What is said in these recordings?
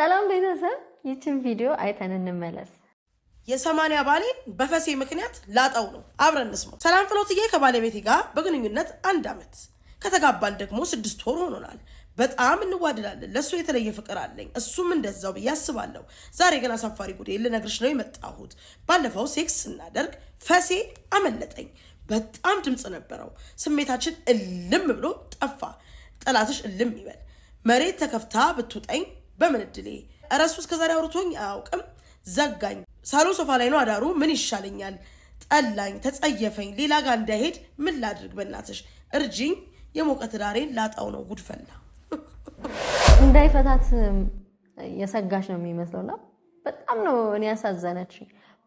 ሰላም ቤተሰብ፣ ይችን ቪዲዮ አይተን እንመለስ። የሰማኒያ ባሌ በፈሴ ምክንያት ላጣው ነው። አብረን እንስማው። ሰላም ፍሎትዬ፣ ከባለቤቴ ጋር በግንኙነት አንድ ዓመት ከተጋባን ደግሞ ስድስት ወር ሆኖናል። በጣም እንዋደዳለን። ለእሱ የተለየ ፍቅር አለኝ፣ እሱም እንደዛው ብዬ አስባለሁ። ዛሬ ግን አሳፋሪ ጉዴ ልነግርሽ ነው የመጣሁት። ባለፈው ሴክስ ስናደርግ ፈሴ አመለጠኝ። በጣም ድምፅ ነበረው። ስሜታችን እልም ብሎ ጠፋ። ጠላትሽ እልም ይበል። መሬት ተከፍታ ብትውጠኝ በምን እድሌ እረሱ እስከዛሬ አውርቶኝ አያውቅም። ዘጋኝ። ሳሎን ሶፋ ላይ ነው አዳሩ። ምን ይሻለኛል? ጠላኝ፣ ተጸየፈኝ። ሌላ ጋር እንዳይሄድ ምን ላድርግ? በእናትሽ እርጅኝ፣ የሞቀ ትዳሬን ላጣው ነው ጉድፈላ። እንዳይፈታት የሰጋሽ ነው የሚመስለውና በጣም ነው እኔ ያሳዘነች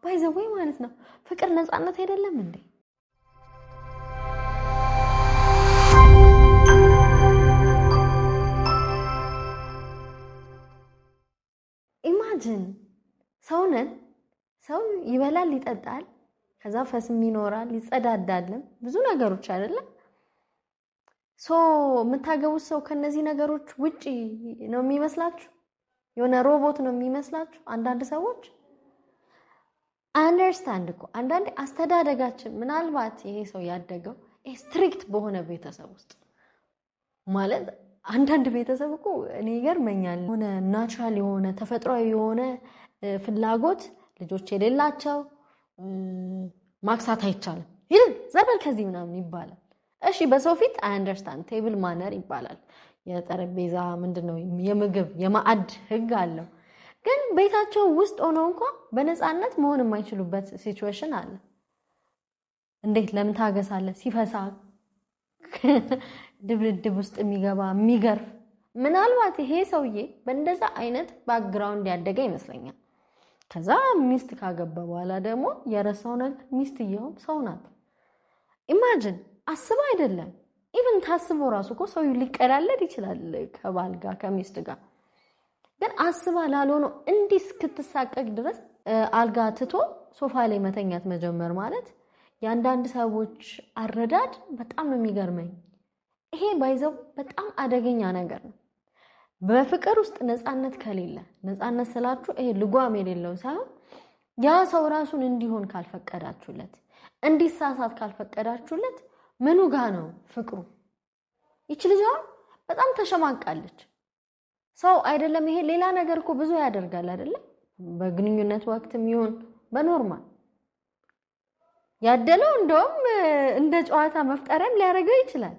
ባይዘወይ ማለት ነው ፍቅር ነፃነት አይደለም እንዴ? ይበላል፣ ይጠጣል፣ ከዛ ፈስም ይኖራል፣ ይጸዳዳልም ብዙ ነገሮች አይደለም። ሶ የምታገቡት ሰው ከነዚህ ነገሮች ውጪ ነው የሚመስላችሁ? የሆነ ሮቦት ነው የሚመስላችሁ? አንዳንድ ሰዎች አንደርስታንድ እኮ አንዳንዴ አስተዳደጋችን ምናልባት ይሄ ሰው ያደገው ስትሪክት በሆነ ቤተሰብ ውስጥ ማለት አንዳንድ ቤተሰብ እኮ እኔ ይገርመኛል የሆነ ናቹራል የሆነ ተፈጥሯዊ የሆነ ፍላጎት ልጆች የሌላቸው ማክሳት አይቻልም፣ ይል ዘበል ከዚህ ምናምን ይባላል። እሺ በሰው ፊት አይ አንደርስታንድ ቴብል ማነር ይባላል። የጠረጴዛ ምንድን ነው የምግብ የማዕድ ህግ አለው። ግን ቤታቸው ውስጥ ሆነው እንኳ በነፃነት መሆን የማይችሉበት ሲትዌሽን አለ። እንዴት ለምን ታገሳለ ሲፈሳ ድብድብ ውስጥ የሚገባ የሚገርፍ ምናልባት ይሄ ሰውዬ በእንደዛ አይነት ባክግራውንድ ያደገ ይመስለኛል። ከዛ ሚስት ካገባ በኋላ ደግሞ የረሳው ነገር ሚስት እየሆን ሰው ናት። ኢማጅን አስበ አይደለም ኢቨን ታስበው ራሱ እኮ ሰው ሊቀላለድ ይችላል ከባል ጋር ከሚስት ጋር ግን አስባ ላልሆነው እንዲህ እስክትሳቀቅ ድረስ አልጋ ትቶ ሶፋ ላይ መተኛት መጀመር ማለት የአንዳንድ ሰዎች አረዳድ በጣም ነው የሚገርመኝ። ይሄ ባይዘው በጣም አደገኛ ነገር ነው። በፍቅር ውስጥ ነፃነት ከሌለ ነፃነት ስላችሁ ይሄ ልጓም የሌለው ሳይሆን ያ ሰው ራሱን እንዲሆን ካልፈቀዳችሁለት፣ እንዲሳሳት ካልፈቀዳችሁለት ምኑ ጋ ነው ፍቅሩ? ይች ልጅ በጣም ተሸማቃለች። ሰው አይደለም ይሄ ሌላ ነገር እኮ ብዙ ያደርጋል አይደለም በግንኙነት ወቅትም ይሁን በኖርማል ያደለው እንደውም እንደ ጨዋታ መፍጠሪያም ሊያደርገው ይችላል።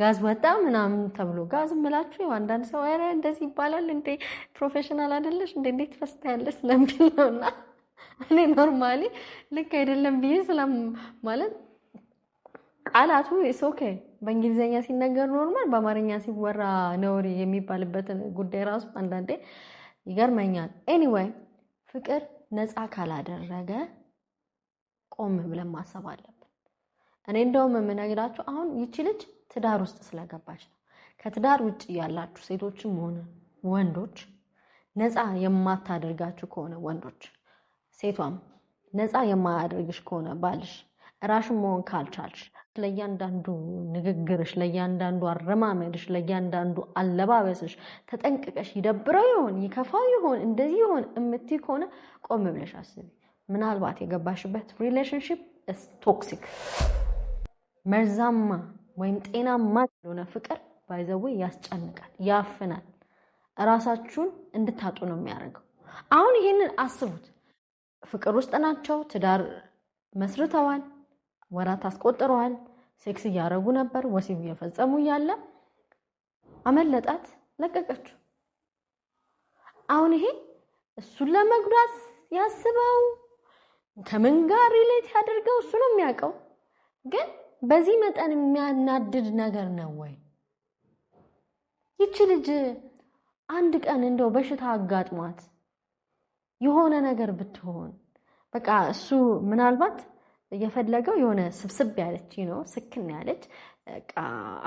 ጋዝ ወጣ ምናምን ተብሎ ጋዝ ምላችሁ ያው አንዳንድ ሰው ኧረ እንደዚህ ይባላል እንዴ ፕሮፌሽናል አይደለሽ እንዴ እንዴት ፈስታ ያለሽ ስለሚል ነውና እኔ ኖርማሊ ልክ አይደለም ብዬ ስለም ማለት ቃላቱ ኢስ ኦኬ በእንግሊዝኛ ሲነገር ኖርማል በአማርኛ ሲወራ ነውር የሚባልበትን ጉዳይ ራሱ አንዳንዴ ይገርመኛል። ኤኒዌይ ፍቅር ነፃ ካላደረገ ቆም ብለን ማሰብ አለብን። እኔ እንደውም የምነግራችሁ አሁን ይቺ ልጅ ትዳር ውስጥ ስለገባች ነው። ከትዳር ውጭ ያላችሁ ሴቶችም ሆነ ወንዶች ነፃ የማታደርጋችሁ ከሆነ ወንዶች፣ ሴቷም ነፃ የማያደርግሽ ከሆነ ባልሽ እራሽን መሆን ካልቻልሽ ለእያንዳንዱ ንግግርሽ፣ ለእያንዳንዱ አረማመድሽ፣ ለእያንዳንዱ አለባበስሽ ተጠንቅቀሽ ይደብረው ይሆን ይከፋው ይሆን እንደዚህ ይሆን እምትይ ከሆነ ቆም ብለሽ አስቢ። ምናልባት የገባሽበት ሪሌሽንሽፕ ቶክሲክ መርዛማ ወይም ጤናማ የሆነ ፍቅር ባይዘዌ ያስጨንቃል፣ ያፍናል፣ እራሳችሁን እንድታጡ ነው የሚያደርገው። አሁን ይህንን አስቡት። ፍቅር ውስጥ ናቸው፣ ትዳር መስርተዋል፣ ወራት አስቆጥረዋል፣ ሴክስ እያደረጉ ነበር፣ ወሲብ እየፈጸሙ እያለ አመለጣት፣ ለቀቀችው። አሁን ይሄ እሱን ለመጉዳት ያስበው ከምን ጋር ሪሌት ያደርገው እሱ ነው የሚያውቀው ግን በዚህ መጠን የሚያናድድ ነገር ነው ወይ? ይቺ ልጅ አንድ ቀን እንደው በሽታ አጋጥሟት የሆነ ነገር ብትሆን በቃ እሱ ምናልባት የፈለገው የሆነ ስብስብ ያለች ነው፣ ስክን ያለች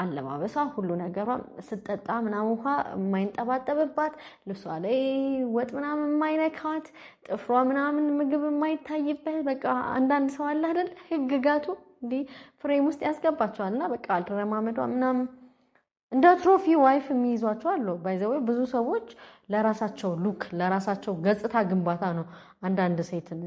አለባበሷ ሁሉ ነገሯ ስጠጣ ምናምን ውሃ የማይንጠባጠብባት ልብሷ ላይ ወጥ ምናምን የማይነካት ጥፍሯ ምናምን ምግብ የማይታይበት በቃ አንዳንድ ሰው አለ አይደል ህግጋቱ እንዲህ ፍሬም ውስጥ ያስገባቸዋል እና በቃ አልተረማመዷ ምናምን እንደ ትሮፊ ዋይፍ የሚይዟቸው አሉ። ባይዘወ ብዙ ሰዎች ለራሳቸው ሉክ ለራሳቸው ገጽታ ግንባታ ነው አንዳንድ ሴትን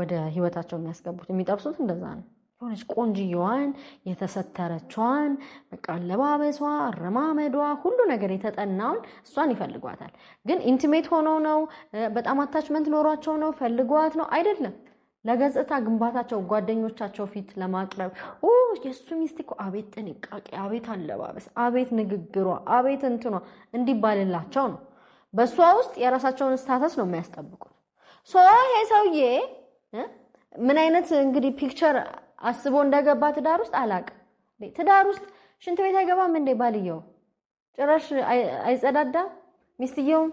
ወደ ህይወታቸው የሚያስገቡት የሚጠብሱት እንደዛ ነው። የሆነች ቆንጅየዋን የተሰተረችዋን በቃ አለባበሷ፣ አረማመዷ፣ ሁሉ ነገር የተጠናውን እሷን ይፈልጓታል። ግን ኢንቲሜት ሆነው ነው በጣም አታችመንት ኖሯቸው ነው ፈልጓት ነው አይደለም። ለገጽታ ግንባታቸው ጓደኞቻቸው ፊት ለማቅረብ የእሱ ሚስት እኮ አቤት ጥንቃቄ፣ አቤት አለባበስ፣ አቤት ንግግሯ፣ አቤት እንትኗ እንዲባልላቸው ነው። በእሷ ውስጥ የራሳቸውን ስታተስ ነው የሚያስጠብቁት። ሶ ይሄ ሰውዬ ምን አይነት እንግዲህ ፒክቸር አስቦ እንደገባ ትዳር ውስጥ አላቅ ትዳር ውስጥ ሽንት ቤት አይገባም እንዴ? ባልየው ጭራሽ አይጸዳዳም? ሚስትየውም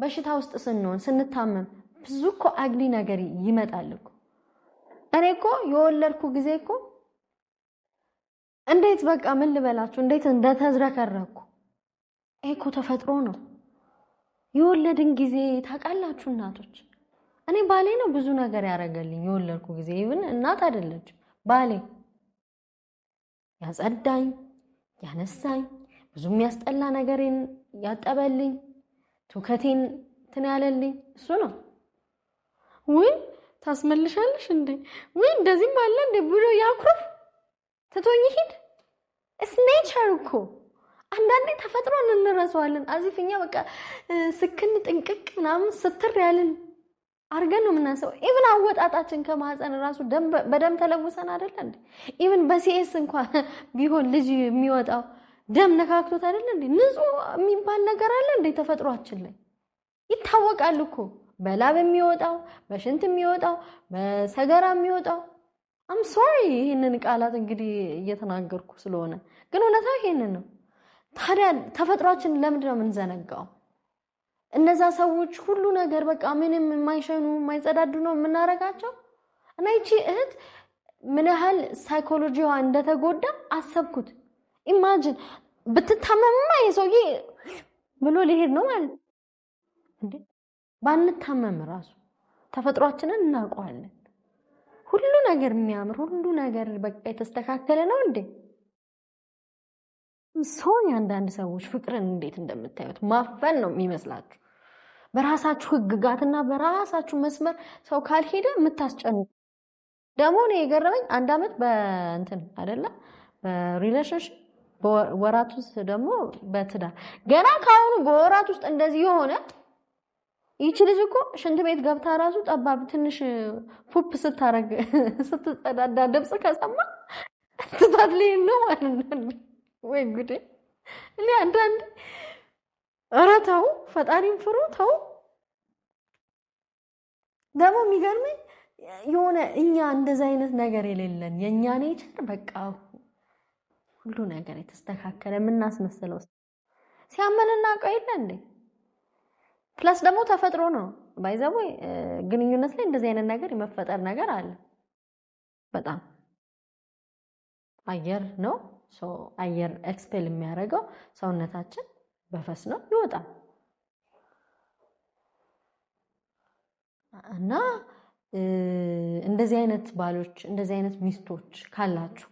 በሽታ ውስጥ ስንሆን ስንታመም ብዙ እኮ አግሊ ነገር ይመጣል እኮ። እኔ እኮ የወለድኩ ጊዜ እኮ እንዴት በቃ ምን ልበላችሁ፣ እንዴት እንደተዝረከረኩ ይሄ እኮ ተፈጥሮ ነው። የወለድን ጊዜ ታውቃላችሁ እናቶች እኔ ባሌ ነው ብዙ ነገር ያደረገልኝ። የወለድኩ ጊዜ ይብን እናት አይደለች ባሌ ያጸዳኝ፣ ያነሳኝ፣ ብዙ የሚያስጠላ ነገሬን ያጠበልኝ፣ ትውከቴን እንትን ያለልኝ እሱ ነው። ውይ ታስመልሻለሽ እንዴ! ውይ እንደዚህም አለ እንዴ ብሎ ያኩርፍ ትቶኝ ሂድ። እስኔቸር እኮ አንዳንዴ ተፈጥሮን እንረሰዋለን አዚፍኛ በቃ ስክን ጥንቅቅ ምናምን ስትር ያልን አርገን ነው የምናንሰው። ኢቭን አወጣጣችን ከማህፀን ራሱ በደም ተለውሰን አይደለ እንዴ? ኢቭን በሲኤስ እንኳን ቢሆን ልጅ የሚወጣው ደም ነካክቶት አይደለ እንዴ? ንጹህ የሚባል ነገር አለ እንዴ? ተፈጥሯችን ላይ ይታወቃል እኮ በላብ የሚወጣው በሽንት የሚወጣው በሰገራ የሚወጣው። አም ሶሪ ይህንን ቃላት እንግዲህ እየተናገርኩ ስለሆነ ግን እውነታ ይሄንን ነው። ታዲያ ተፈጥሯችን ለምንድን ነው የምንዘነጋው? እነዛ ሰዎች ሁሉ ነገር በቃ ምንም የማይሸኑ የማይጸዳዱ ነው የምናረጋቸው። እና ይቺ እህት ምን ያህል ሳይኮሎጂዋ እንደተጎዳ አሰብኩት። ኢማጅን ብትታመምማ የሰውዬ ብሎ ሊሄድ ነው ማለት እንዴ? ባንታመም ራሱ ተፈጥሯችንን እናውቀዋለን። ሁሉ ነገር የሚያምር ሁሉ ነገር በቃ የተስተካከለ ነው እንዴ? ሰው የአንዳንድ ሰዎች ፍቅርን እንዴት እንደምታዩት ማፈን ነው የሚመስላችሁ። በራሳችሁ ህግጋትና በራሳችሁ መስመር ሰው ካልሄደ የምታስጨንቁ ደግሞ እኔ የገረመኝ አንድ አመት በእንትን አይደለም በሪሌሽንሽፕ ወራት ውስጥ ደግሞ በትዳር ገና ከአሁኑ በወራት ውስጥ እንደዚህ የሆነ ይቺ ልጅ እኮ ሽንት ቤት ገብታ ራሱ ጠባብ ትንሽ ፉፕ ስታረግ ስትጸዳዳ ድምፅ ከሰማ ትታት ነው ማለት ነው። ወይ ጉዴ! እኔ አንዳንድ ኧረ ተው፣ ፈጣሪን ፍሩ። ተው ደግሞ የሚገርመኝ የሆነ እኛ እንደዚ አይነት ነገር የሌለን የእኛ ኔቸር በቃ ሁሉ ነገር የተስተካከለ የምናስመስለው ሲያመን ቀው እንዴ። ፕለስ ደግሞ ተፈጥሮ ነው ባይዘቦ ግንኙነት ላይ እንደዚህ አይነት ነገር የመፈጠር ነገር አለ። በጣም አየር ነው አየር ኤክስፔል የሚያደርገው ሰውነታችን በፈስ ነው ይወጣል። እና እንደዚህ አይነት ባሎች እንደዚህ አይነት ሚስቶች ካላችሁ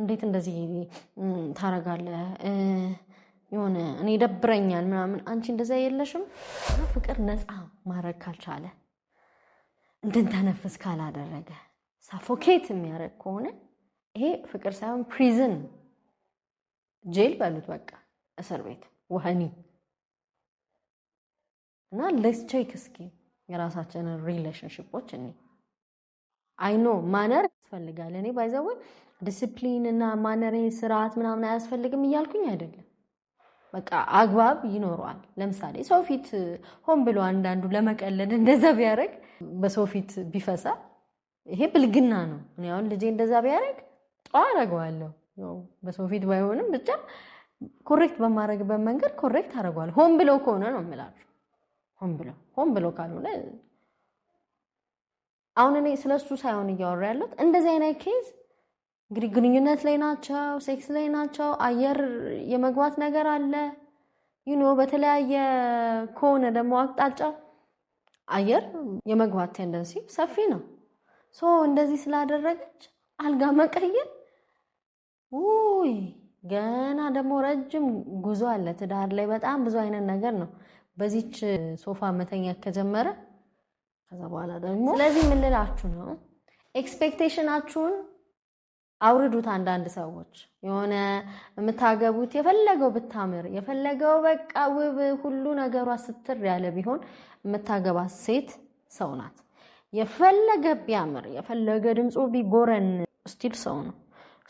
እንዴት እንደዚህ ታረጋለህ? የሆነ እኔ ይደብረኛል ምናምን፣ አንቺ እንደዚያ የለሽም። ፍቅር ነፃ ማድረግ ካልቻለ እንድንተነፍስ ካላደረገ ሳፎኬት የሚያደርግ ከሆነ ይሄ ፍቅር ሳይሆን ፕሪዝን ጄል በሉት በቃ እስር ቤት ወህኒ እና ሌትስ ቼክ እስኪ የራሳችንን ሪሌሽንሽፖች እኔ አይኖ ማነር ያስፈልጋል። እኔ ባይዘወ ዲስፕሊን እና ማነር ስርዓት ምናምን አያስፈልግም እያልኩኝ አይደለም። በቃ አግባብ ይኖረዋል። ለምሳሌ ሰው ፊት ሆን ብሎ አንዳንዱ ለመቀለድ እንደዛ ቢያደርግ በሰው ፊት ቢፈሳ ይሄ ብልግና ነው። እኔ አሁን ልጄ እንደዛ ቢያደርግ አረገዋለሁ። በሰው ፊት ባይሆንም ብቻ ኮሬክት በማድረግበት መንገድ ኮሬክት አደርገዋለሁ። ሆን ብለው ከሆነ ነው የምላቸው። ሆን ብለው ሆን ብለው ካልሆነ አሁን እኔ ስለ እሱ ሳይሆን እያወራ ያለሁት እንደዚህ አይነት ኬዝ እንግዲህ ግንኙነት ላይ ናቸው፣ ሴክስ ላይ ናቸው፣ አየር የመግባት ነገር አለ ዩኖ በተለያየ ከሆነ ደግሞ አቅጣጫ አየር የመግባት ቴንደንሲ ሰፊ ነው። ሶ እንደዚህ ስላደረገች አልጋ መቀየር ውይ ገና ደግሞ ረጅም ጉዞ አለ። ትዳር ላይ በጣም ብዙ አይነት ነገር ነው። በዚች ሶፋ መተኛ ከጀመረ ከዛ በኋላ ደግሞ ስለዚህ የምልላችሁ ነው ኤክስፔክቴሽናችሁን አውርዱት። አንዳንድ ሰዎች የሆነ የምታገቡት የፈለገው ብታምር የፈለገው በቃ ውብ ሁሉ ነገሯ ስትር ያለ ቢሆን የምታገባት ሴት ሰው ናት። የፈለገ ቢያምር የፈለገ ድምፁ ቢጎረን ስቲል ሰው ነው።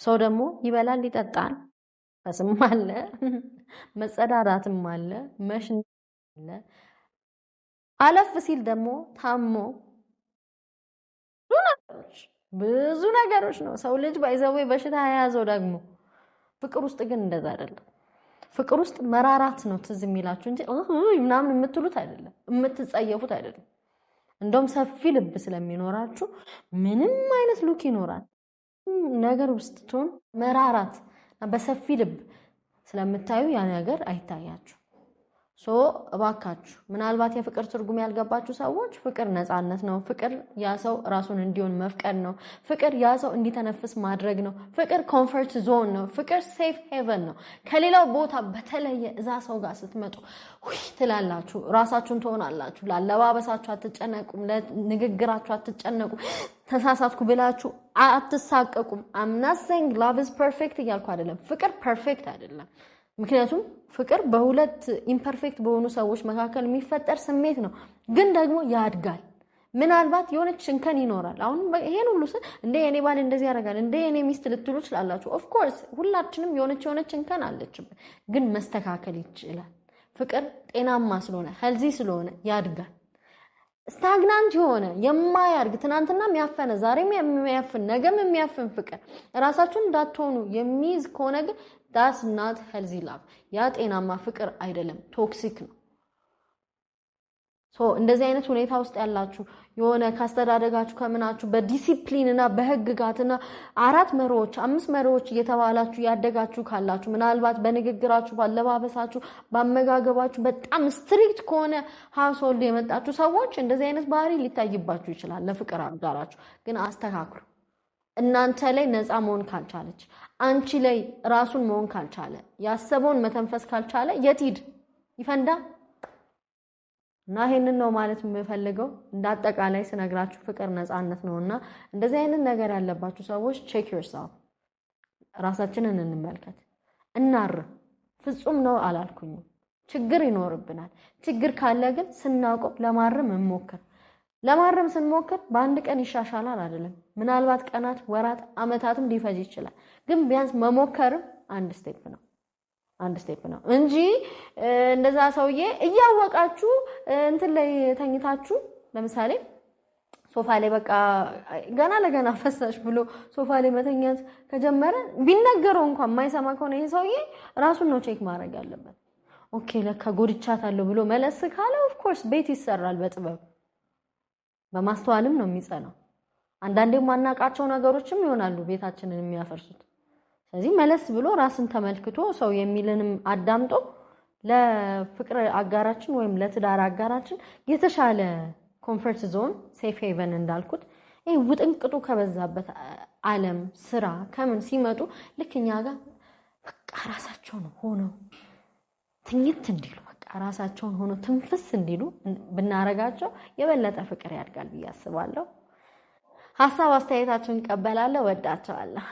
ሰው ደግሞ ይበላል፣ ይጠጣል፣ ፈስም አለ፣ መጸዳዳትም አለ፣ መሽን አለ። አለፍ ሲል ደግሞ ታሞ ብዙ ነገሮች ነው ሰው ልጅ ባይዘወይ በሽታ የያዘው ደግሞ ፍቅር ውስጥ ግን እንደዛ አይደለም። ፍቅር ውስጥ መራራት ነው ትዝ የሚላችሁ እንጂ ምናምን የምትሉት አይደለም፣ የምትጸየፉት አይደለም። እንደውም ሰፊ ልብ ስለሚኖራችሁ ምንም አይነት ሉክ ይኖራል። ነገር ውስጥ ትሆን መራራት በሰፊ ልብ ስለምታዩ ያ ነገር አይታያችሁ። ሶ እባካችሁ ምናልባት የፍቅር ትርጉም ያልገባችሁ ሰዎች ፍቅር ነፃነት ነው። ፍቅር ያ ሰው ራሱን እንዲሆን መፍቀድ ነው። ፍቅር ያ ሰው እንዲተነፍስ ማድረግ ነው። ፍቅር ኮንፈርት ዞን ነው። ፍቅር ሴፍ ሄቨን ነው። ከሌላው ቦታ በተለየ እዛ ሰው ጋር ስትመጡ ውይ ትላላችሁ፣ ራሳችሁን ትሆናላችሁ። ለአለባበሳችሁ አትጨነቁም፣ ለንግግራችሁ አትጨነቁም። ተሳሳትኩ ብላችሁ አትሳቀቁም። አምናት ሴይንግ ላቭ ኢዝ ፐርፌክት እያልኩ አይደለም። ፍቅር ፐርፌክት አይደለም። ምክንያቱም ፍቅር በሁለት ኢምፐርፌክት በሆኑ ሰዎች መካከል የሚፈጠር ስሜት ነው፣ ግን ደግሞ ያድጋል። ምናልባት የሆነች ሽንከን ይኖራል። አሁን ይሄን ሁሉ ስል እንደ የኔ ባል እንደዚህ ያደርጋል እንደ የኔ ሚስት ልትሉ ይችላላችሁ። ኦፍኮርስ ሁላችንም የሆነች የሆነች ሽንከን አለችበት፣ ግን መስተካከል ይችላል። ፍቅር ጤናማ ስለሆነ ሄልዚ ስለሆነ ያድጋል። ስታግናንት የሆነ የማያርግ ትናንትና የሚያፈነ ዛሬም የሚያፍን ነገም የሚያፍን ፍቅር እራሳችሁን እንዳትሆኑ የሚይዝ ከሆነ ግን ዳስ ናት ሄልዚ ላቭ። ያ ጤናማ ፍቅር አይደለም፣ ቶክሲክ ነው። እንደዚህ አይነት ሁኔታ ውስጥ ያላችሁ የሆነ ካስተዳደጋችሁ ከምናችሁ በዲሲፕሊን እና በህግጋትና አራት መሪዎች አምስት መሪዎች እየተባላችሁ ያደጋችሁ ካላችሁ ምናልባት በንግግራችሁ፣ ባለባበሳችሁ፣ በአመጋገባችሁ በጣም ስትሪክት ከሆነ ሀውስሆልድ የመጣችሁ ሰዎች እንደዚህ አይነት ባህሪ ሊታይባችሁ ይችላል። ለፍቅር አጋራችሁ ግን አስተካክሉ። እናንተ ላይ ነፃ መሆን ካልቻለች፣ አንቺ ላይ ራሱን መሆን ካልቻለ፣ ያሰበውን መተንፈስ ካልቻለ የት ሂድ ይፈንዳ። እና ይሄንን ነው ማለት የምፈልገው። እንደ አጠቃላይ ስነግራችሁ ፍቅር ነፃነት ነው እና እንደዚህ አይነት ነገር ያለባችሁ ሰዎች ቼክ ዮርሰልፍ ራሳችንን እንመልከት። እናር ፍጹም ነው አላልኩኝም። ችግር ይኖርብናል። ችግር ካለ ግን ስናውቀው ለማረም እንሞክር። ለማረም ስንሞክር በአንድ ቀን ይሻሻላል አይደለም። ምናልባት ቀናት፣ ወራት፣ አመታትም ሊፈጅ ይችላል። ግን ቢያንስ መሞከርም አንድ ስቴፕ ነው። አንድ ስቴፕ ነው እንጂ እንደዛ ሰውዬ እያወቃችሁ እንትን ላይ ተኝታችሁ ለምሳሌ ሶፋ ላይ በቃ ገና ለገና ፈሳሽ ብሎ ሶፋ ላይ መተኛት ከጀመረ ቢነገረው እንኳን የማይሰማ ከሆነ ይህ ሰውዬ ራሱን ነው ቼክ ማድረግ ያለበት። ኦኬ ለካ ጎድቻታለሁ ብሎ መለስ ካለ ኦፍኮርስ ቤት ይሰራል። በጥበብ በማስተዋልም ነው የሚጸናው። አንዳንዴ ማናቃቸው ነገሮችም ይሆናሉ ቤታችንን የሚያፈርሱት። ስለዚህ መለስ ብሎ ራስን ተመልክቶ ሰው የሚልንም አዳምጦ ለፍቅር አጋራችን ወይም ለትዳር አጋራችን የተሻለ ኮንፈርት ዞን ሴፍ ሄቨን እንዳልኩት ይህ ውጥንቅጡ ከበዛበት ዓለም ስራ ከምን ሲመጡ ልክ እኛ ጋር በቃ ራሳቸውን ሆነው ትኝት እንዲሉ በቃ ራሳቸውን ሆኖ ትንፍስ እንዲሉ ብናረጋቸው የበለጠ ፍቅር ያድጋል ብዬ አስባለሁ። ሀሳብ አስተያየታችሁን እቀበላለሁ። ወዳቸዋለሁ።